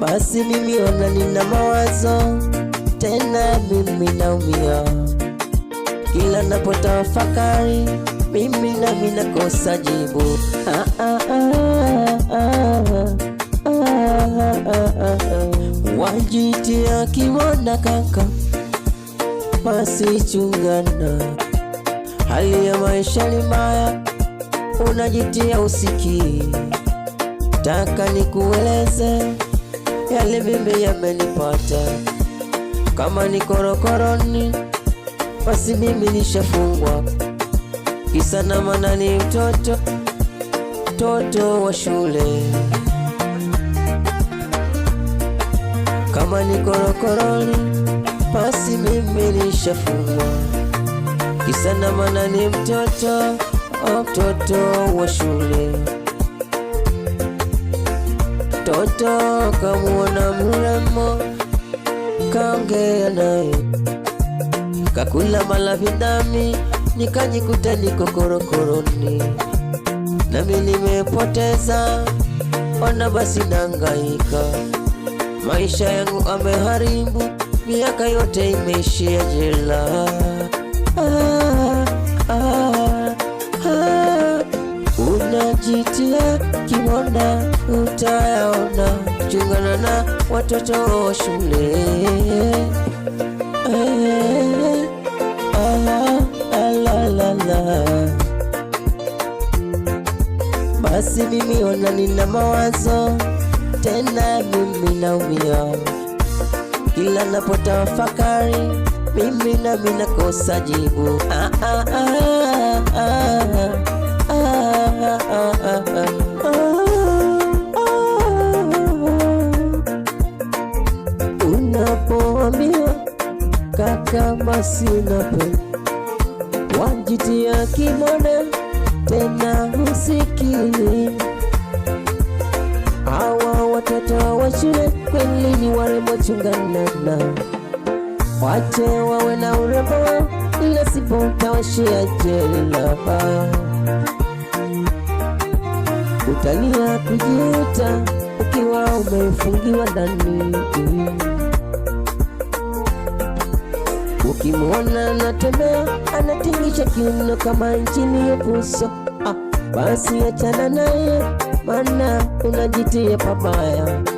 Basi mimi ona nina mawazo tena, mimi naumia kila napotafakari, mimi nami nakosa jibu. ah, ah, ah, ah, ah, ah, ah, ah. ah, ah. Wajitia kaka chungana Hali ya maisha ni mbaya, unajitia usikii. Taka nikueleze yale mimi yamenipata, kama ni korokoroni, basi mimi nishafungwa. Kisa na maana ni mtoto, mtoto wa shule. Kama ni korokoroni pasi mimi nishafungwa, kisa na maana ni mtoto mtoto wa shule. Mtoto kamuona mrembo, kaongea naye, kakula malavi, nami nikajikuta niko korokoroni, nami nimepoteza ona, basi nangaika maisha yangu ameharibu miaka yote imeishia jela. Ah, ah, ah, Unajitia kimona, utayaona. Chungana na watoto wa shule Basi mimi ona nina mawazo tena, mimi naumia kila napotafakari mimi nami nakosa jibu. ah, ah, ah, ah, ah, Unapoambiwa kama wajitia tena usikini, hawa watoto wa shule lini warembo chungana wache wawe na urembo wao, ila sipo ya jela. Utalia kujuta ukiwa umefungiwa ndani. Ukimwona anatembea anatingisha kiuno kama injini ya puso, ah, basi achana naye, maana unajitia pabaya.